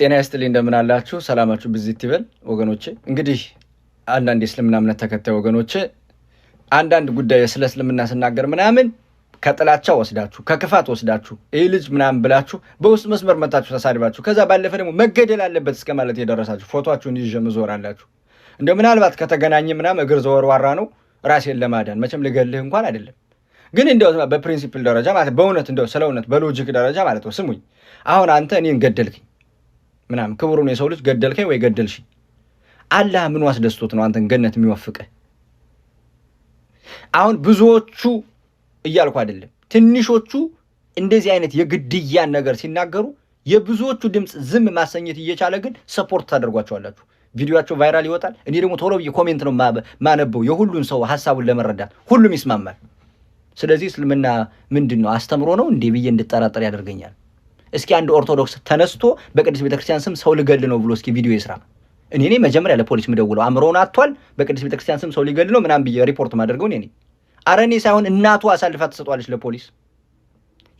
ጤና ይስጥልኝ እንደምን አላችሁ? ሰላማችሁ ብዚት ይበል ወገኖቼ። እንግዲህ አንዳንድ የእስልምና እምነት ተከታይ ወገኖቼ አንዳንድ ጉዳይ ስለ እስልምና ስናገር ምናምን ከጥላቻ ወስዳችሁ ከክፋት ወስዳችሁ ይህ ልጅ ምናምን ብላችሁ በውስጥ መስመር መታችሁ ተሳድባችሁ ከዛ ባለፈ ደግሞ መገደል አለበት እስከ ማለት የደረሳችሁ ፎቶችሁን ይዤ ምዞር አላችሁ። እንደ ምናልባት ከተገናኘ ምናምን እግር ዘወርዋራ ነው ራሴን ለማዳን መቼም ልገልህ እንኳን አይደለም ግን እንደው በፕሪንሲፕል ደረጃ ማለት በእውነት እንዲያው ስለ እውነት በሎጂክ ደረጃ ማለት ነው ስሙኝ፣ አሁን አንተ እኔን ገደልክኝ ምናምን ክብሩን የሰው ልጅ ገደልከኝ ወይ ገደልሽ አላህ ምኑ አስደስቶት ነው አንተን ገነት የሚወፍቅህ? አሁን ብዙዎቹ እያልኩ አይደለም፣ ትንሾቹ እንደዚህ አይነት የግድያን ነገር ሲናገሩ የብዙዎቹ ድምፅ ዝም ማሰኘት እየቻለ ግን ሰፖርት ታደርጓቸዋላችሁ። ቪዲዮቸው ቫይራል ይወጣል። እኔ ደግሞ ቶሎ ብዬ ኮሜንት ነው ማነበው የሁሉን ሰው ሀሳቡን ለመረዳት ሁሉም ይስማማል። ስለዚህ እስልምና ምንድን ነው አስተምሮ ነው እንዴ ብዬ እንድጠራጠር ያደርገኛል። እስኪ አንድ ኦርቶዶክስ ተነስቶ በቅድስት ቤተክርስቲያን ስም ሰው ልገል ነው ብሎ እስኪ ቪዲዮ ይስራ። እኔ እኔ መጀመሪያ ለፖሊስ ምደውለው አእምሮውን አጥቷል፣ በቅድስት ቤተክርስቲያን ስም ሰው ሊገል ነው ምናምን ብዬ ሪፖርት ማደርገው እኔ ነኝ። አረ እኔ ሳይሆን እናቱ አሳልፋ ትሰጧለች ለፖሊስ።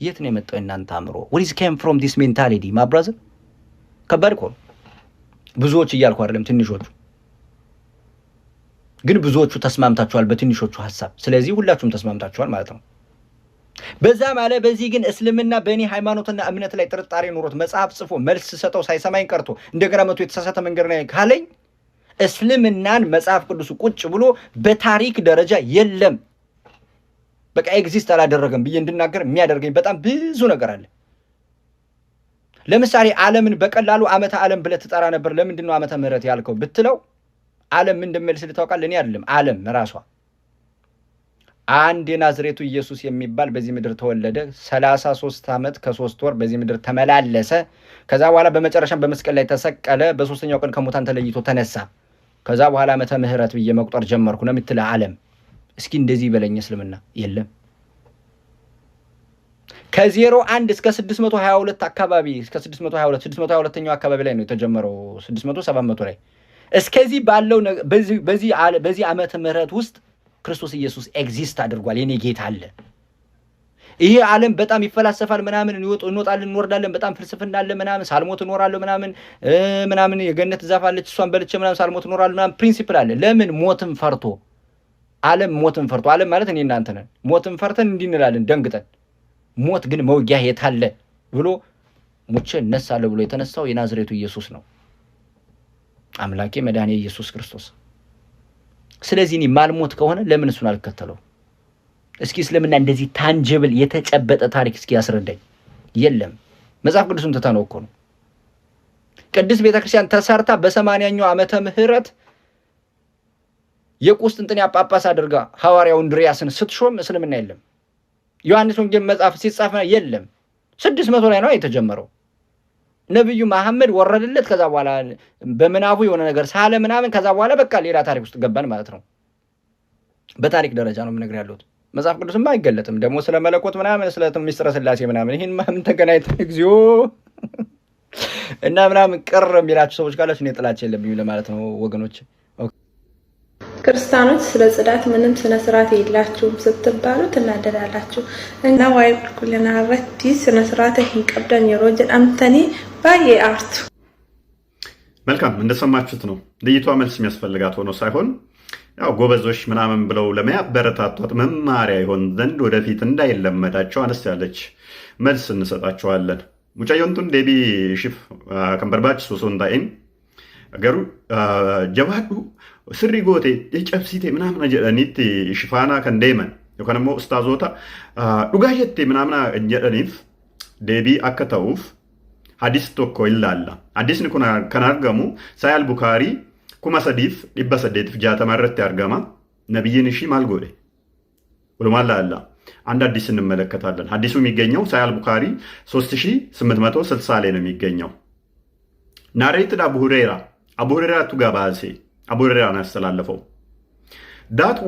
የት ነው የመጣው እናንተ አእምሮ? ወሪዝ ኬም ፍሮም ዲስ ሜንታሊቲ ማብራዝ ከባድ እኮ ብዙዎች እያልኩ አይደለም ትንሾቹ ግን ብዙዎቹ ተስማምታችኋል በትንሾቹ ሀሳብ። ስለዚህ ሁላችሁም ተስማምታችኋል ማለት ነው። በዛም አለ በዚህ ግን እስልምና በእኔ ሃይማኖትና እምነት ላይ ጥርጣሬ ኖሮት መጽሐፍ ጽፎ መልስ ሰጠው ሳይሰማኝ ቀርቶ እንደገና መቶ የተሳሳተ መንገድ ላይ ካለኝ እስልምናን መጽሐፍ ቅዱስ ቁጭ ብሎ በታሪክ ደረጃ የለም በቃ ኤግዚስት አላደረገም ብዬ እንድናገር የሚያደርገኝ በጣም ብዙ ነገር አለ። ለምሳሌ ዓለምን በቀላሉ ዓመተ ዓለም ብለህ ትጠራ ነበር። ለምንድን ነው ዓመተ ምሕረት ያልከው ብትለው ዓለም ምን እንደሚመልስ ልታውቃለህ? እኔ አይደለም ዓለም ራሷ አንድ የናዝሬቱ ኢየሱስ የሚባል በዚህ ምድር ተወለደ። 33 ሶስት ዓመት ከሶስት ወር በዚህ ምድር ተመላለሰ። ከዛ በኋላ በመጨረሻም በመስቀል ላይ ተሰቀለ። በሶስተኛው ቀን ከሙታን ተለይቶ ተነሳ። ከዛ በኋላ ዓመተ ምሕረት ብዬ መቁጠር ጀመርኩ ነው የምትለ ዓለም። እስኪ እንደዚህ በለኝ እስልምና የለም ከዜሮ አንድ እስከ 622 አካባቢ እስከ 622 622ኛው አካባቢ ላይ ነው የተጀመረው 600 700 ላይ እስከዚህ ባለው በዚህ ዓመተ ምሕረት ውስጥ ክርስቶስ ኢየሱስ ኤግዚስት አድርጓል። የኔ ጌታ አለ። ይሄ ዓለም በጣም ይፈላሰፋል፣ ምናምን እንወጣለን፣ እንወርዳለን፣ በጣም ፍልስፍና አለ ምናምን፣ ሳልሞት እኖራለሁ ምናምን ምናምን፣ የገነት ዛፍ አለች እሷን በልቼ ምናምን ሳልሞት እኖራለሁ ምናምን ፕሪንሲፕል አለ። ለምን ሞትን ፈርቶ ዓለም ሞትን ፈርቶ ዓለም ማለት እኔ እናንተ ነን። ሞትን ፈርተን እንድንላለን ደንግጠን። ሞት ግን መውጊያ የታለ ብሎ ሙቼ እነሳለሁ ብሎ የተነሳው የናዝሬቱ ኢየሱስ ነው። አምላኬ መድኃኔ ኢየሱስ ክርስቶስ ስለዚህ እኔ ማልሞት ከሆነ ለምን እሱን አልከተለው? እስኪ እስልምና እንደዚህ ታንጅብል የተጨበጠ ታሪክ እስኪ ያስረዳኝ። የለም መጽሐፍ ቅዱስን ትተነው እኮ ነው። ቅድስት ቤተ ክርስቲያን ተሰርታ በሰማንያኛው ዓመተ ምህረት የቁስጥንጥንያ ጳጳስ አድርጋ ሐዋርያው እንድሪያስን ስትሾም እስልምና የለም። ዮሐንስ ወንጌል መጽሐፍ ሲጻፍ የለም። ስድስት መቶ ላይ ነው የተጀመረው። ነብዩ መሐመድ ወረደለት። ከዛ በኋላ በምናቡ የሆነ ነገር ሳለ ምናምን፣ ከዛ በኋላ በቃ ሌላ ታሪክ ውስጥ ገባን ማለት ነው። በታሪክ ደረጃ ነው የምነግር ያለሁት። መጽሐፍ ቅዱስም አይገለጥም ደግሞ ስለ መለኮት ምናምን ስለ ሚስጥረ ስላሴ ምናምን ይህን ምን ተገናኝተ እግዚኦ እና ምናምን ቅር የሚላቸው ሰዎች ካላችሁ እኔ ጥላቻ የለብኝም ለማለት ነው ወገኖች። ክርስቲያኖች ስለ ጽዳት ምንም ስነ ስርዓት የላችሁም ስትባሉ ትናደዳላችሁ እና ዋይ ኩልና ረቲ ስነ ስርዓት ሂንቀብደን የሮጀን አምተኒ በየአርቱ መልካም እንደሰማችሁት ነው። ልይቷ መልስ የሚያስፈልጋት ሆኖ ሳይሆን ያው ጎበዞች ምናምን ብለው ለሚያበረታቷት መማሪያ ይሆን ዘንድ ወደፊት እንዳይለመዳቸው አነስ ያለች መልስ እንሰጣቸዋለን። ሙጫየንቱን ዴቢ ሽፍ ከንበርባች ሶሶንታይን ገሩ ጀባዱ ስሪ ጎቴ የጨብሲቴ ምናምን ጀኒት ሽፋና ከንደመን ዮከን ሞ እስታዞታ ምናምና ጀቴ ጀኒፍ ዴቢ አከተውፍ hadis tokko illaalla. Hadisni kun kan argamu Saayil Bukaarii kuma sadiif dhibba saddeetiif jaatama irratti argama. ነቢይን እሺ ማል ጎደ ወለማላ አላ አንድ አዲስ እንመለከታለን። አዲሱ የሚገኘው ሳያል ቡካሪ 3860 ላይ ነው የሚገኘው። ናሬትድ አቡ ሁሬራ አቡ ሁሬራ ቱጋ ባሴ አቡ ሁሬራ ነው ያስተላለፈው። ዳት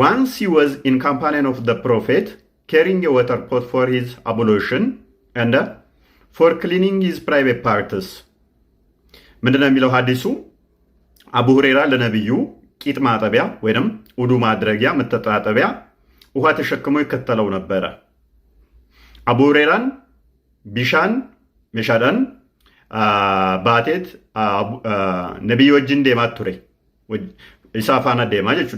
ዋንስ ሂ ዋዝ ኢን ካምፓኒን ኦፍ ዘ ፕሮፌት ካሪንግ ኤ ዋተር ፖት ፎር ሂዝ አቦሎሽን ኤንድ ፎር ክሊኒንግ ዝ ፕራይቬት ፓርትስ ነው የሚለው ሀዲሱ? አቡ ሁሬራ ለነቢዩ ቂጥ ማጠቢያ ወይም ውዱ ማድረጊያ መተጣጠቢያ ውሃ ተሸክሞ ይከተለው ነበረ። አቡ ሁሬራን ቢሻን ሜሻዳን ባቴት ነቢይ ወጅን ዴማ ቱሬ ኢሳፋና ዴማ ጀቹ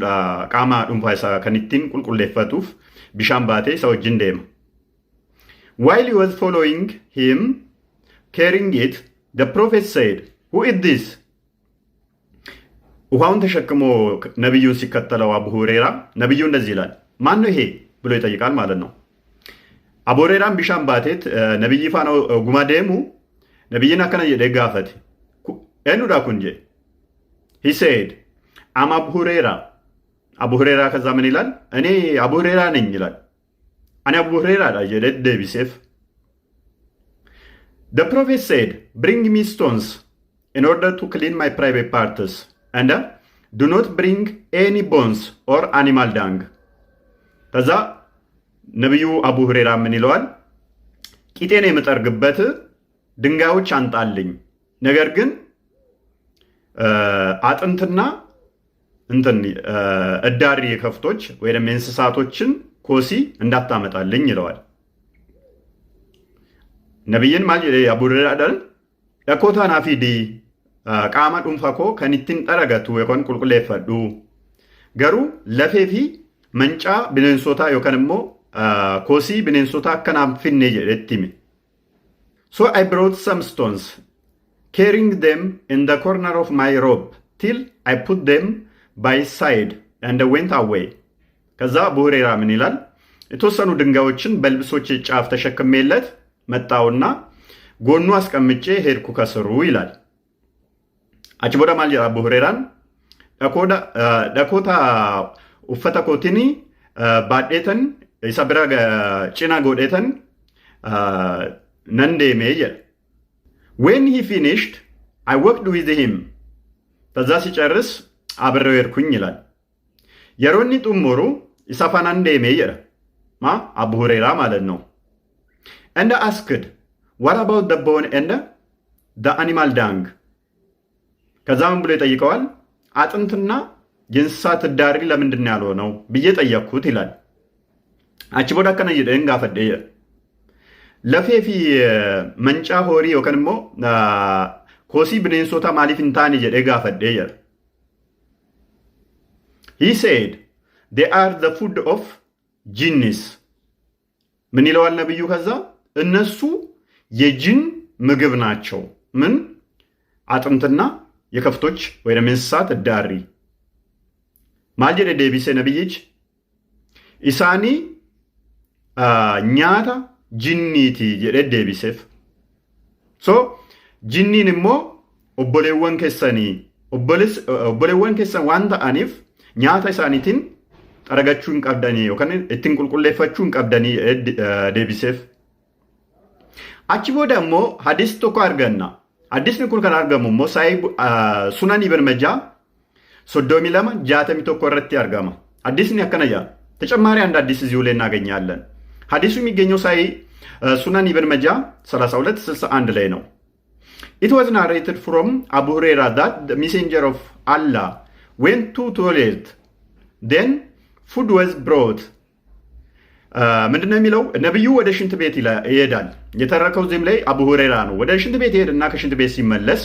ቃማ ዱንፋ ከኒቲን ቁልቁሌፈቱፍ ቢሻን ባቴ ሰ ወጅን ዴማ While he was following him, carrying it, the prophet said, Who is this? ውሃውን ተሸክሞ ነቢዩን ሲከተለው አቡ ሁሬራ ነቢዩ እንደዚህ ይላል፣ ማን ነው ይሄ ብሎ ይጠይቃል ማለት ነው። አቡ ሁሬራን ቢሻም ባቴት ነቢይ ፋኖ ጉማዴሙ ነቢይን አከነ ደጋፈት ኤኑዳ ኩንጄ he said አም አቡ ሁሬራ አቡ ሁሬራ ከዛ ምን ይላል? እኔ አቡ ሁሬራ ነኝ ይላል። and Abu Huraira jedhedde ebiseefu The Prophet said, Bring me stones in order to clean my private parts, and uh, do not bring any bones or animal dung. ከዛ ነቢዩ አቡ ሁሬራ ምን ይለዋል? ቂጤን የምጠርግበት ድንጋዮች አንጣልኝ፣ ነገር ግን አጥንትና እንትን እዳሪ የከፍቶች ወይም የእንስሳቶችን ኮሲ እንዳታመጣልኝ ይለዋል። ነቢይን ማ አቡደዳዳን ለኮታና ፊዲ ቃመ ዱንፋኮ ከኒትን ጠረገቱ የኮን ቁልቁሌ ፈዱ ገሩ ለፌፊ መንጫ ብንንሶታ ዮከን ሞ ኮሲ ብንንሶታ አከናም ፊኔ ሶ አይ ብሮት ሰም ስቶንስ ካሪንግ ደም ኢን ደ ኮርነር ኦፍ ማይ ሮብ ቲል አይ ፑት ደም ባይ ሳይድ ንደ ዌንት አዌይ ከዛ ቡሬራ ምን ይላል? የተወሰኑ ድንጋዮችን በልብሶች ጫፍ ተሸክሜለት መጣውና ጎኑ አስቀምጬ ሄድኩ ከስሩ ይላል። አጭቦዳ ማልጀራ ቡሬራን ዳኮታ ኡፈተ ኮቲኒ ባዴተን ይሳብራ ጭና ጎዴተን ነንዴሜ ጀለ ወን ሂ ፊኒሽድ አይ ወቅድ ዊዝ ሂም ከዛ ሲጨርስ አብረው ሄድኩኝ ይላል የሮኒ ጡሞሩ Isa እንደ andeeme jedha. Ma? Abu ማለት ነው. And asked, what about the እንደ and አኒማል ዳንግ። dung? ከዛም ብሎ ይጠይቀዋል። አጥንትና የእንስሳት ዳሪ ለምንድን ነው ያልሆነው ብዬ ጠየቅኩት ይላል። አቺ ቦዳ ከነ ይደን ፈደየ ለፌፊ መንጫ ሆሪ ወከንሞ ኮሲ ብኔንሶታ ማሊፍ እንታን ይደን ፈደየ he said ዴ አር ዘ ፉድ ኦፍ ጂኒስ ምን ይለዋል ነብዩ? ከዛ እነሱ የጂን ምግብ ናቸው። ምን አጥንትና የከፍቶች ወይም የእንስሳት እዳሪ ማጀደ ዴቢሴ ነብይች ኢሳኒ ኛታ ጂኒቲ ጀደ ዴቢሴፍ ሶ ጂኒን እሞ ኦቦሌወን ኬሰኒ ኦቦሌወን ኬሰን ዋን ተአኒፍ ኛታ ኢሳኒቲን qaragachuu hin qabdanii yookaan ittiin qulqulleeffachuu hin qabdanii deebiseef. Achi booda immoo hadiis tokko arganna. Hadiisni kun kan argamu immoo saayi sunan ibn majaa soddomi lama jaatami tokko irratti argama. Hadiisni akkana jedha. ተጨማሪ አንድ አዲስ እዚሁ ላይ እናገኛለን። ሀዲሱ የሚገኘው ሳይ ሱናን ኢብን መጃ 3261 ላይ It was narrated from Abu አቡ that the messenger of Allah went to toilet then ፉድ ወዝ ብሮት ምንድነው የሚለው? ነቢዩ ወደ ሽንት ቤት ይሄዳል። የተረከው ዚህም ላይ አቡ ሁሬራ ነው። ወደ ሽንት ቤት ይሄድና ከሽንት ቤት ሲመለስ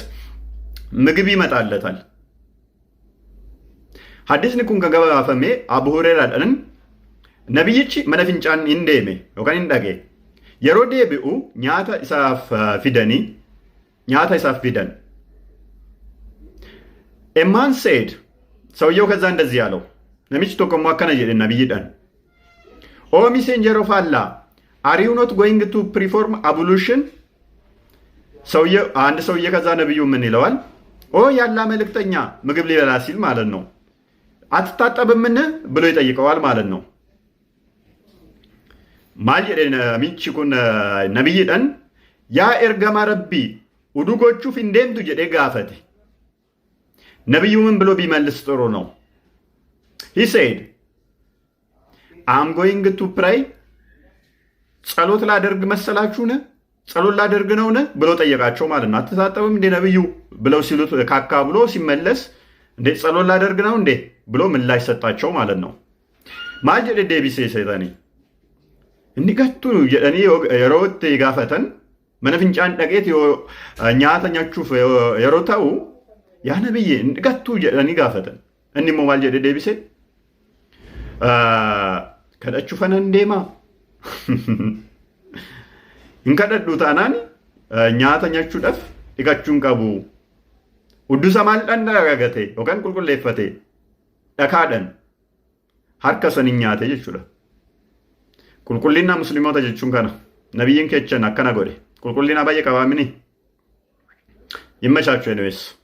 ምግብ ይመጣለታል። ሀዲስ ንኩን ከገባ ፈሜ አቡ ሁሬራ ደንን ነቢይቺ መነፍንጫን ይንዴሜ ዮካን ኢንዳጌ የሮዴ ብኡ ኛተ ኢሳፍ ፊደኒ ኛታ ኢሳፍ ፊደን ኤማን ሴድ ሰውየው ከዛ እንደዚህ ያለው Namichi tokko immoo akkana jedhe nabiyyiidhaan. Oh messenger of Allah, are you not going to perform ablution? አንድ ሰውዬ ከዛ ነብዩ ምን ይለዋል? ኦ ያላ መልእክተኛ ምግብ ሊበላ ሲል ማለት ነው አትታጠብምን ብሎ ይጠይቀዋል ማለት ነው። ማልየደን ሚንቺኩን ነብይደን ያ ኤርገማ ረቢ ውዱጎቹ ፊንዴንቱ ጀዴ ጋፈቴ ነብዩ ምን ብሎ ቢመልስ ጥሩ ነው? He said, I'm going to pray. ጸሎት ላደርግ መሰላችሁን? ጸሎት ላደርግ ነውን? ብሎ ጠየቃቸው ማለት ነው። አትታጠብም እንዴ ነብዩ ብለው ሲሉት ካካ ብሎ ሲመለስ እንዴ ጸሎት ላደርግ ነው እንዴ ብሎ ምላሽ ሰጣቸው ማለት ነው። ማጀድ ዴቢሴ ሰይጠኒ እንዲገቱ እኔ የሮት ይጋፈተን መነፍንጫን ደቄት ኛተኛቹፍ የሮታው ያነብዬ እንዲገቱ እኒ ጋፈተን እኒሞ ማልጀድ ዴቢሴ kadhachuu fanan deemaa hin kadhadhu taanaan nyaata nyaachuudhaaf dhiqachuun qabu. Uddisa maal dhandhagate yookaan qulqulleeffate dhakaadhaan harka hin nyaate jechuudha. Qulqullina musliimota jechuun kana. Nabiyyiin keechan akkana godhe. Qulqullina baay'ee qabaamini. Dhimma shaachuu anyways.